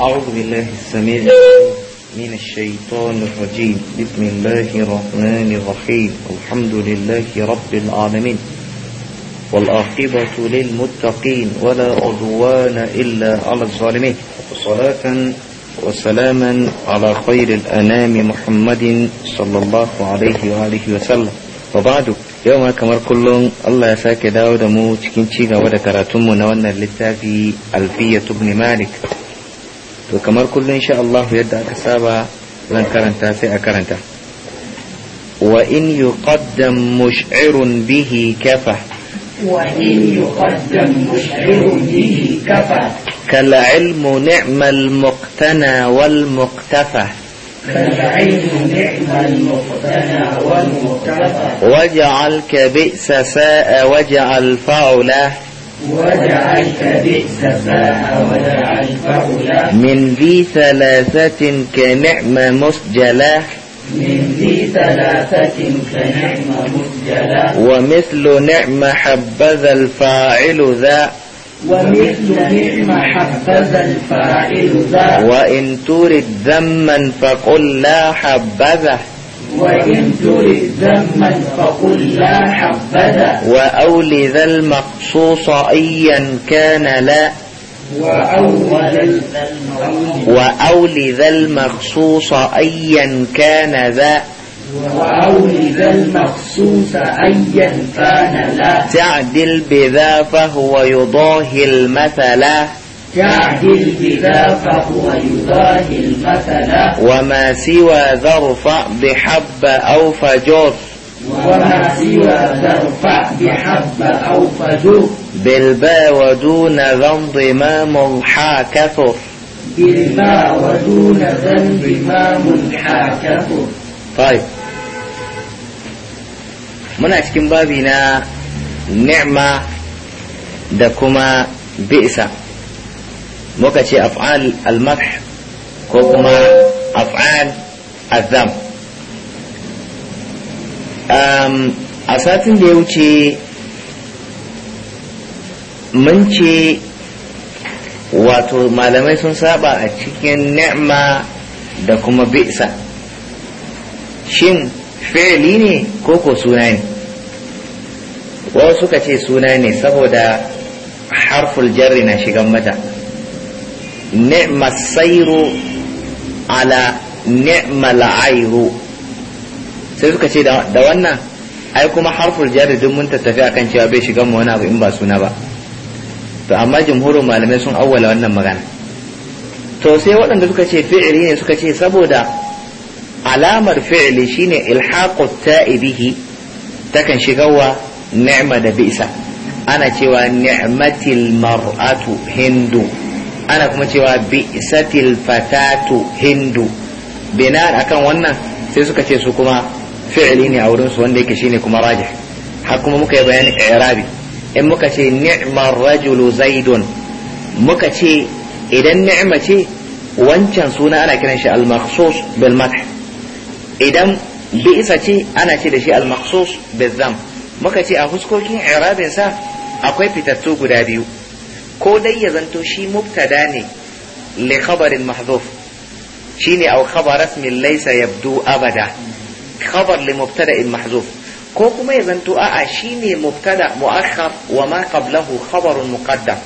أعوذ بالله السميع من الشيطان الرجيم بسم الله الرحمن الرحيم الحمد لله رب العالمين والآخبة للمتقين ولا عدوان إلا على الظالمين صلاة وسلاما على خير الأنام محمد صلى الله عليه وآله وسلم وبعد يوم ma كل الله يساك داود sake dawo da mu cikin ci gaba da karatunmu to kamar kullun insha Allah yadda aka saba zan karanta sai a karanta wa in yuqaddam mush'irun bihi kafa wa in yuqaddam mush'irun bihi kafa kal ilmu ni'mal muqtana wal muqtafa واجعل بئس ساء واجعل فعله ودع الكبئس فاء ودع الفولا من ذي ثلاثة كنعم مسجلة من ذي ثلاثة كنعم مسجلة ومثل نعم حبذا الفاعل ذا ومثل نعم حبذا الفاعل ذا وإن ترد ذما فقل لا حبذه وإن ترد ذما فقل لا حبذا وأول ذا المقصوص أيا كان لا وأول ذا المقصوص أيا كان ذا وأول ذا المقصوص أيا كان لا تعدل بذا فهو يضاهي المثلا يعدل بذا فهو يضاهي المثل وما سوى ذرف بحب أو فجر وما سوى ذرف بحب أو فجر بالباء ودون ذا انضمام الحا كثر بالباء ودون ذا انضمام الحا كثر طيب من cikin بابنا نعمة دكما da muka ce af'al al-madh ko kuma af'al azam a satin da ya wuce mun ce wato malamai sun saba a cikin ni'ma da kuma bi'sa shin fi'li ne ko ko suna ne wasu suka ce suna ne saboda harful jarri na shigan mata ni'ma sayru ala ni'ma al'airu sai suka ce da wannan ai kuma harfur jari duk mun tattafi akan cewa bai shiga mu wani abu in ba suna ba to amma jumhurin malamai sun auwala wannan magana to sai waɗanda suka ce fi'ili ne suka ce saboda alamar fi'ili shine ilhaqu ta'ibihi takan wa ni'ma da bi'sa ana cewa ni'matil mar'atu hindu ana kuma cewa bi isatil fatatu hindu bina akan wannan sai suka ce su kuma fi'ili ne a wurin su wanda yake shine kuma rajih har kuma muka yi bayani i'rabi in muka ce ni'mar rajulu zaidun muka ce idan ni'ma ce wancan suna ana kiran shi al-makhsus bil madh idan bi isa ce ana ce da shi al-makhsus bil zam muka ce a huskokin i'rabin sa akwai fitattu guda biyu ko dai ya zanto shi mubtada ne li khabarin mahdhuf shine au khabar rasmi laysa yabdu abada khabar li mubtada mubtada'in mahdhuf ko kuma ya zanto a'a shine mubtada mu'akhkhar wa ma qablahu khabarun muqaddam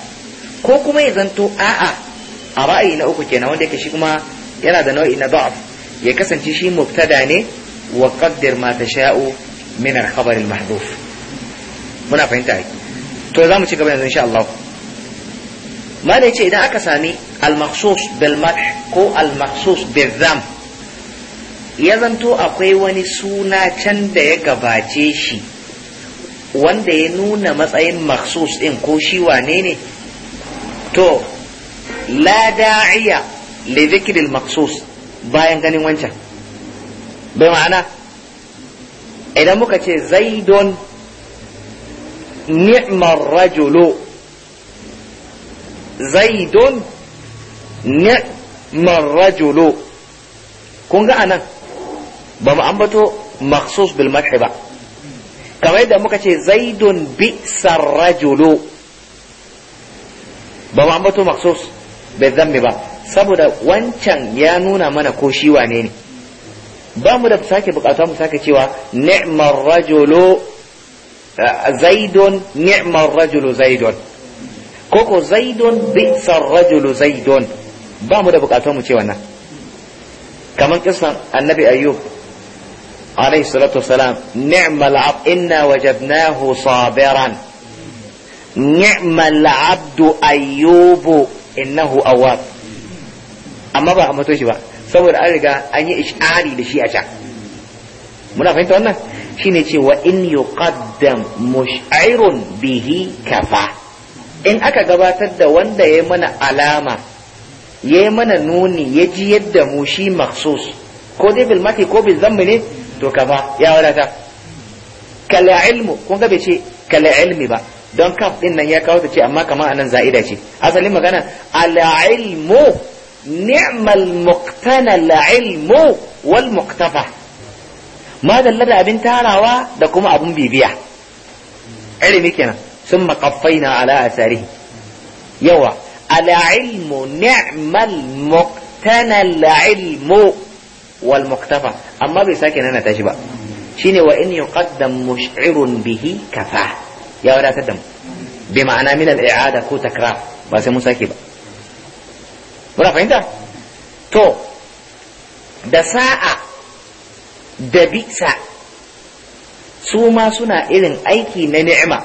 ko kuma ya zanto a'a a ra'ayi na uku kenan wanda yake shi kuma yana da nau'i na da'af ya kasance shi mubtada ne wa qaddir ma tasha'u min al-khabar al-mahdhuf muna fahimta to za mu ci gaba yanzu insha Allah mana yace idan aka sami al-makhsus bil madh ko al-makhsus bil dham ya zanto akwai wani suna can da ya gabace shi wanda ya nuna matsayin makhsus din ko shi wane ne to la da'iya li dhikril makhsus bayan ganin wancan bai ma'ana idan muka ce zaidon ni'mar rajulu zaidun ni'mar rajulu kun ga anan ba mu ambato maksus bil madh ba kamar yadda muka ce zaidun bi'sar rajulu ba mu ambato maksus bai zammi ba saboda wancan ya nuna mana ko shi wane ne ba mu da sake bukata mu sake cewa ni'mar eh, rajulu zaidun ni'mar rajulu zaidun ko ko zaidun bi'sar rajulu zaidun ba mu da bukatar mu ce wannan kamar kisan annabi ayyub alayhi salatu wassalam ni'mal ab inna wajadnahu sabiran ni'mal abdu ayyubu innahu awwab amma ba a mato shi ba saboda an riga an yi ishari da shi a can muna fahimta wannan shine ce wa in yuqaddam mush'irun bihi kafa in aka gabatar da wanda ya mana alama ya mana nuni ya ji yadda mu shi maksus ko dai bil mati ko bil zammi ne to kama ya wadata kala ilmu kun ga bai ce kala ilmi ba don kaf din nan ya kawo ta ce amma kama anan za'ida ce asalin magana ala ilmu ni'mal muqtana la ilmu wal muqtafa ma dalla da abin tarawa da kuma abin bibiya ilimi kenan ثم قفينا على أثاره يوا العلم نعم المقتنى العلم والمكتفى أما بساكن أنا تجبأ شين وإن يقدم مشعر به كفاه يا ولا تدم بمعنى من الإعادة كو تكرار بس مساكبة ولا فهمت تو da sa'a da bisa su ma suna irin aiki na ni'ima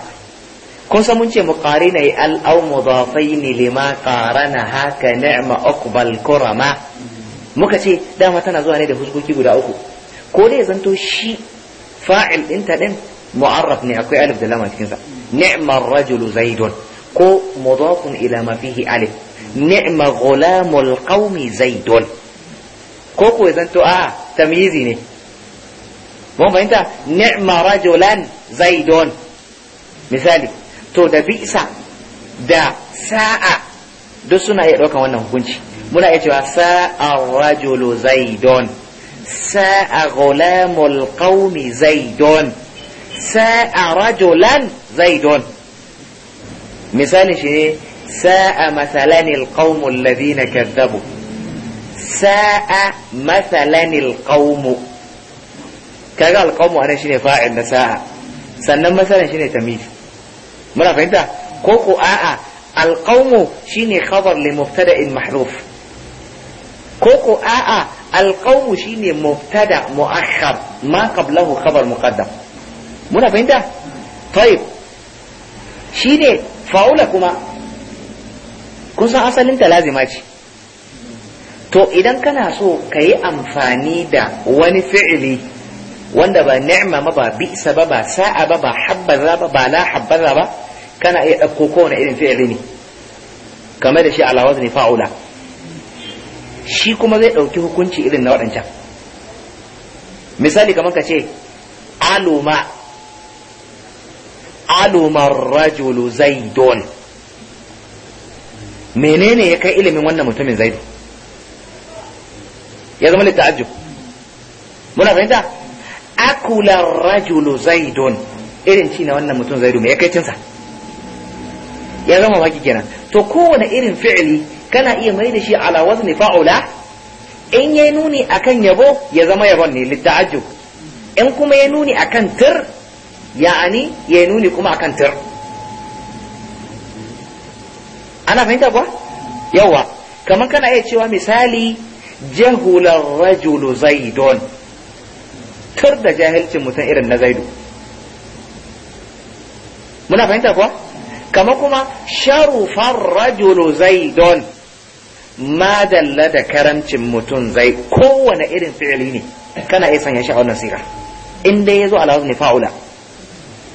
kun san mun ce muqarina al aw mudafain lima qarana haka ni'ma uqbal kurama muka ce dama tana zuwa ne da fuskoki guda uku ko dai zanto shi fa'il din ta din mu'arraf ne akwai alif da lama cikin sa ni'ma rajulu zaidun ko mudafun ila ma fihi alif ni'ma ghulamul qaumi zaidun ko ko zanto a tamyizi ne mun fahimta ni'ma rajulan zaidun misali to da bisa da sa'a duk suna iya ɗaukan wannan hukunci muna iya cewa sa'a rajulu zaidon sa'a gulamul qaumi zaidon sa'a rajulan zaidon misali shi ne sa'a masalanil qaumul na kadzabu sa'a masalanil qaumu kaga alqaumu anan shine fa'il da sa'a sannan masalan shine tamyiz muna fahimta ko ko a'a alqaumu shine khabar li mubtada'in mahruf ko ko a'a alqaumu shine mubtada muakhar ma qablahu khabar muqaddam muna fahimta طيب shine fa'ula kuma kun san asalin ta lazima ce to idan kana so ka yi amfani da wani fi'ili wanda ba ni'ma ba ba bisa ba ba sa'a ba ba habbaza ba ba la habbaza ba kana iya ɗauko kowane irin fi'ili ne kamar da shi ala wazni fa'ula shi kuma zai ɗauki hukunci irin na waɗancan misali kamar ka ce aluma aluma rajulu zaidon menene ya kai ilimin wannan mutumin zaidu ya zama litta'ajjub muna fahimta akula rajulu zaidon irin ci na wannan mutum zaidu me ya kai cinsa ya zama baki kenan to kowane irin fi'li kana iya mai da shi ala wazni fa'ula in ya nuni akan yabo ya zama yabon ne litta'ajjub in kuma ya nuni akan tir ya'ani ya nuni kuma akan tir ana fahimta kuwa yawa kamar kana iya cewa misali jahular rajulu zaidon tur da jahilcin mutum irin na zaidu muna fahimta kuwa kama kuma sharufan rajulu zaidon ma dalla da karamcin mutum zai kowane irin fi'ili ne kana iya sanya shi a wannan in dai ya zo ala wazni fa'ula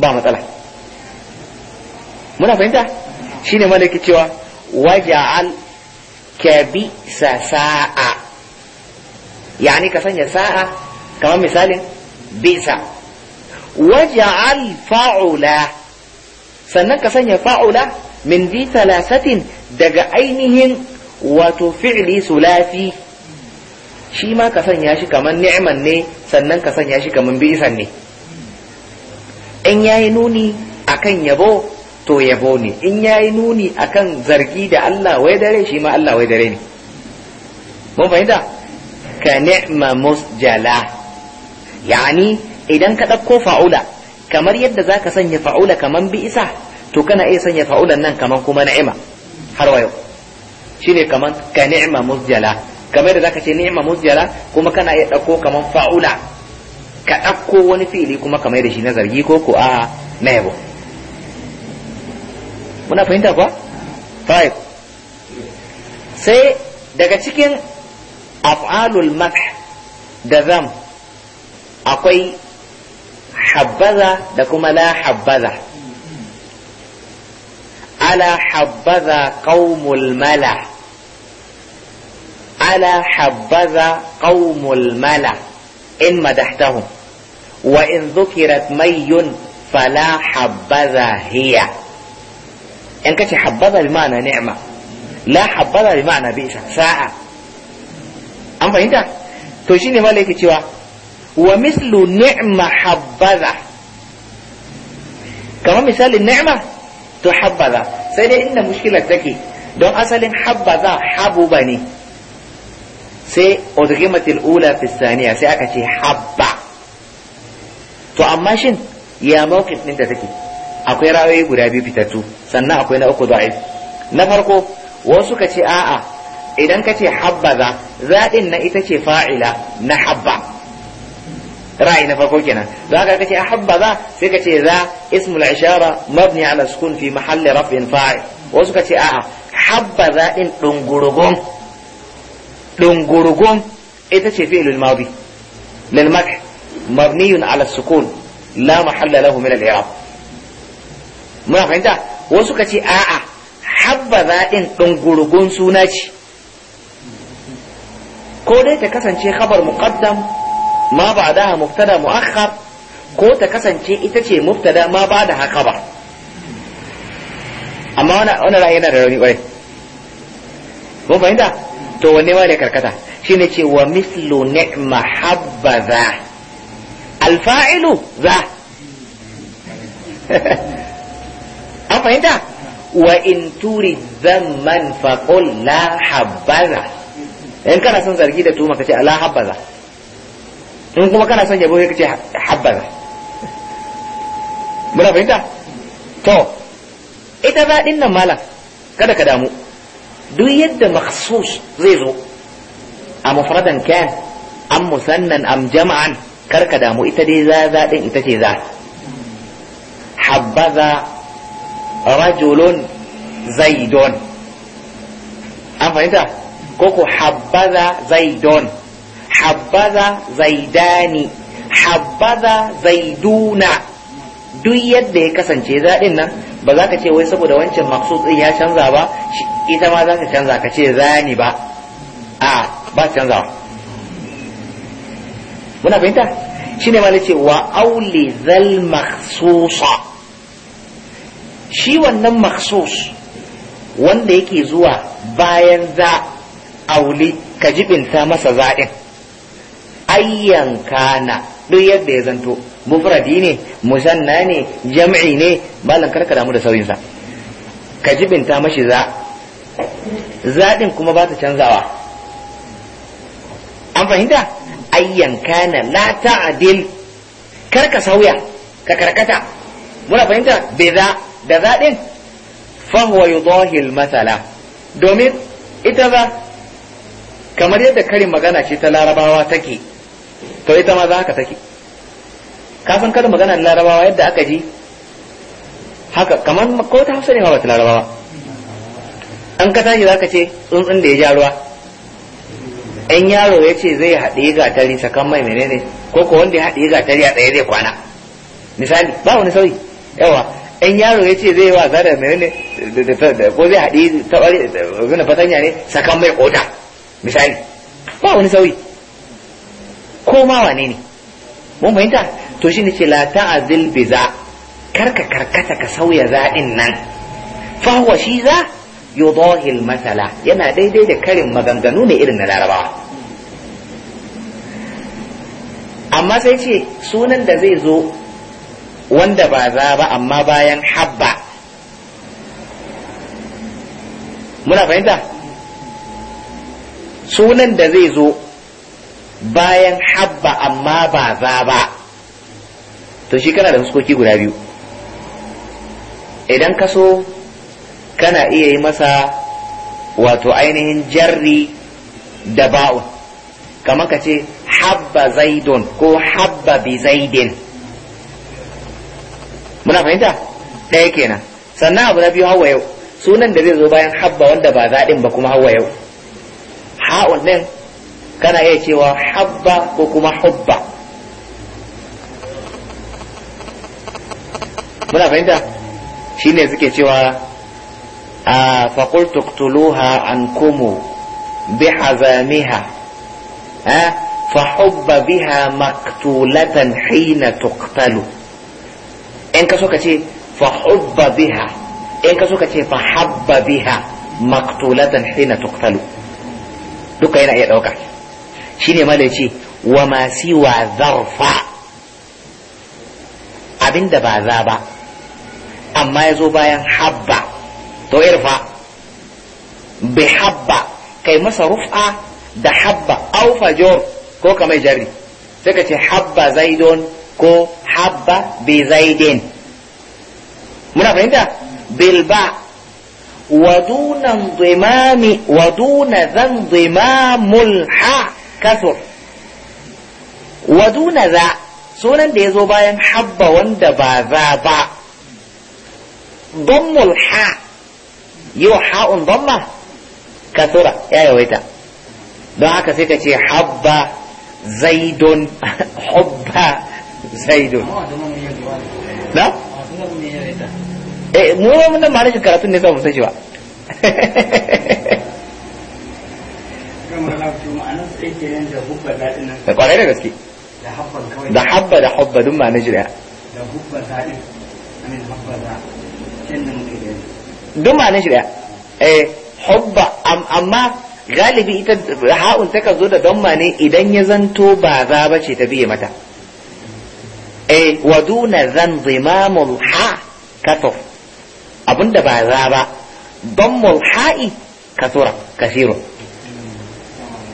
ba matsala muna fahimta shine malaki cewa waja'al kabi sa sa'a yani ka sanya sa'a kamar misalin bisa waja'al fa'ula sannan ka sanya fa'ula min zi talasatin daga ainihin wato fi'li sulafi shi ma ka sanya shi kamar ni'man ne sannan ka sanya shi kamar bi'isan ne in ya yi nuni a kan yabo to yabo ne in ya yi nuni a kan zargi da Allah wai dare shi ma Allah wai dare ne mun fahimta ka ni'ma musjala yani idan ka ɗauko fa'ula kamar yadda za ka sanya fa'ula kamar bi isa to kana iya sanya fa'ulan nan kamar kuma Na'ima, har wa yau ne kaman ka ni'ima musjala kamar da ka ce ni'ima musjala kuma kana iya ɗauko kamar fa'ula ka ɗauko wani fili kuma kamar da shi na zargi ko ko a na yabo muna fahimta kuwa five sai daga cikin af'alul madh da zam akwai habbaza da kuma la habbaza ala habbaza qaumul mala ala habbaza qaumul mala in madahtahum wa in dhukirat mayyun fala habbaza hiya in kace habbaza bi ma'ana ni'ma la habbaza bi ma'ana bisa sa'a an fahimta to shine malaka cewa wa mislu ni'ma habbada kamar misalin ni'ma to habbada sai dai inda mushkilar take don asalin habbaza habu ba ne sai udghimatil ula fi thaniya sai aka ce habba to amma shin ya mawqif din da take akwai rawayi guda biyu fitattu sannan akwai na uku da'if na farko wasu ka ce a'a idan ka ce habbada zaɗin na ita ce fa'ila na habba رأي نفقه كنا لأنك كتي أحب ذا فكتي ذا اسم العشارة مبني على سكون في محل رفع فاعل وسو كتي أعا حب ذا إن لنقرقم لنقرقم إذا شي فعل الماضي للمدح مبني على السكون لا محل له من الإعراب ما فهمت وسو كتي أعا حب ذا إن لنقرقم سوناتي كودي تكسن شي خبر مقدم ma ba'daha mubtada muakhar ko ta kasance ita ce mubtada ma ba'da haka ba amma wani ra'ayi yana da rauni kwarai mun fahimta to wanne ma ne karkata shine ce wa mislu ni'ma habbaza alfa'ilu za an fahimta wa in turi zamman faqul la habbaza in kana son zargi da tuma kace la habbaza in kuma kana son yabo sai ka ce habbaza muna fahimta to ita za din nan malam kada ka damu duk yadda makhsus zai zo a mufradan kan am musannan am jama'an kar ka damu ita dai za za din ita ce za habbaza rajulun zaidon an fahimta ko ko habbaza zaidon حبذا zaidani حبذا zaiduna duk yadda ya kasance zaɗin nan ba za ka ce wai saboda wancan maksus ɗin ya canza ba ita ma za ta canza ka ce zani ba a ba canza muna fahimta shi ne ce wa auli zal maksusa shi wannan maksus wanda yake zuwa bayan za auli ka jibinta masa zaɗin ayyan kana duk yadda ya zanto mufradi ne musanna ne jam'i ne malam karka damu da sauyin ka jibinta mashi za zaɗin kuma ba ta canzawa an fahimta ayyan kana la ta'dil karka sauya ka karkata muna fahimta bai za da zaɗin fahuwa yudahil matsala domin ita za kamar yadda karin magana ce ta larabawa take to ita ma za ka saki. ka san kada magana larabawa yadda aka ji haka kamar ko ta hausa ne ma bata larabawa an ka tashi za ka ce tsuntsun da ya ja ruwa ɗan yaro ya ce zai haɗe gatari sakan mai menene ko ko wanda ya haɗe gatari a tsaye zai kwana misali ba wani sauyi yawa ɗan yaro ya ce zai yi wasa da menene ko zai haɗe taɓari zuna fatanya ne sakan mai kota misali ba wani sauyi ko ma wane ne mun fahimta to shi ne ce la ta'azil biza karka karkata ka sauya zaɗin nan fa huwa shi za yudahil masala yana daidai da karin maganganu ne irin na larabawa amma sai ce sunan da zai zo wanda ba za ba amma bayan habba muna fahimta sunan da zai zo bayan habba amma ba za ba to shi kana da huskoki guda biyu idan ka so kana iya yi masa wato ainihin jarri da ba'un kamar ka ce habba zaidun ko habba bi zaidin muna fahimta ɗaya kenan sannan abu na biyu hawa yau sunan da zai zo bayan habba wanda ba zaɗin ba kuma hawa yau ha'un ɗin kana iya cewa habba ko kuma hubba muna fahimta shine suke cewa a faƙul tuktuluha an kumu bi hazamiha fahubba biha maktulatan hina tuktalu in ka ka ce fahubba biha in ka ka ce biha maktulatan hina tuktalu duka yana iya ɗauka shine ya ce wa masu wa zarfa abinda ba za ba amma ya zo bayan habba to irfa bi habba kai masa rufa da habba au fajor ko kamar jari sai ka ce habba zaidon ko habba bi zaidin muna fahimta bilba ودون zan ودون mulha. kasur waduna za sunan da ya zo bayan habba wanda ba za ba dammul ha yau wa ha'un damma kasura ya yawaita don haka sai ka ce habba zaidon hubba zaidon na? eh mu nan ba rashin karatun ne sa mu san shi ba da kwarai da gaske da habba da habba duk ma na jira duk ma na jira eh hubba amma galibi ita ha'un takan zo da damma ne idan ya zanto ba za ba ce ta biye mata eh wa duna zan zimamul ha kasur abinda ba za ba dammul ha'i kasura kasirun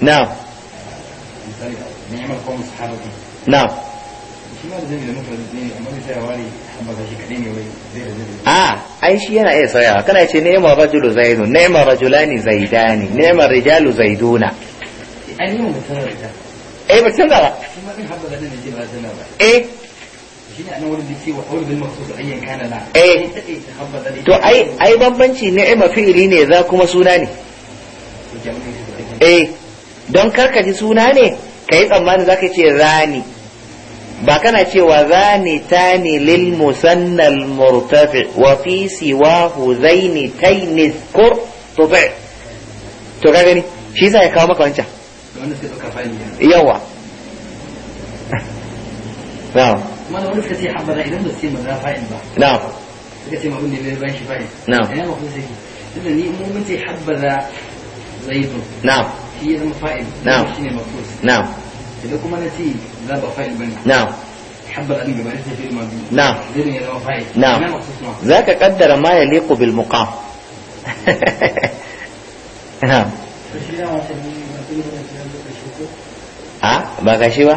نعم نعم a ai shi yana iya sayawa kana ce ni'mar rajulu zaidun ni'mar rajulani zaidani ni'mar rijalu zaiduna ai mutum da ba eh Eh. to ai ai bambanci ni'ima fi'ili ne za kuma suna ne eh don karkaji suna ne ka yi tsammanin za ka ce rani ba kana cewa rani ta ne lil musannal murtafi wa fi siwa huzaini taini kur tufi to ka gani shi sa ya kawo maka wancan yawa na'am wani wani suka ce habada idan ba su ce maza fa'in ba na'am suka ce mabun da bai bayan shi fa'in na'am ina mafun sai tunda ni mu mun ce habada zaidun na'am shi ya zama fa'in na'am shine mafus na. idan kuma na ce za ba fa'in bane na'am habada din gaba ne sai ma na'am zaidun ya zama fa'in na'am zaka kaddara ma yaliqu bil muqam na'am ha ah, ba ka shi ba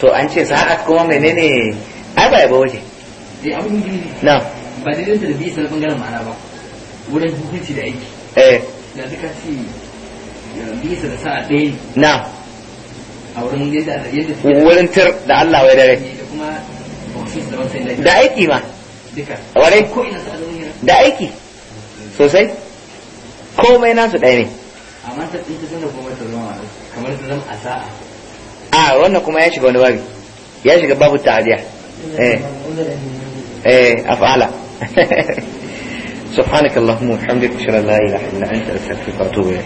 to an ce sa'at kuma menene ai ba yabo waje eh abin da ne na ba da dinta da bi ban bangaren ma'ana ba wurin hukunci da aiki eh da duka bi bisa da sa'a ɗaya ne na a wurin yadda yadda wurin tir da Allah wai dare eh, da kuma da aiki ma duka wurin ko ina sa'a da aiki sosai komai nasu ɗaya ne amma ta tsinta suna kuma ta zama kamar ta zama a sa'a ah wannan kuma ya shiga wani babi ya shiga babu ta'adiya eh eh af'ala subhanakallahumma wa bihamdika ashhadu an la ilaha illa anta astaghfiruka wa atubu ilayk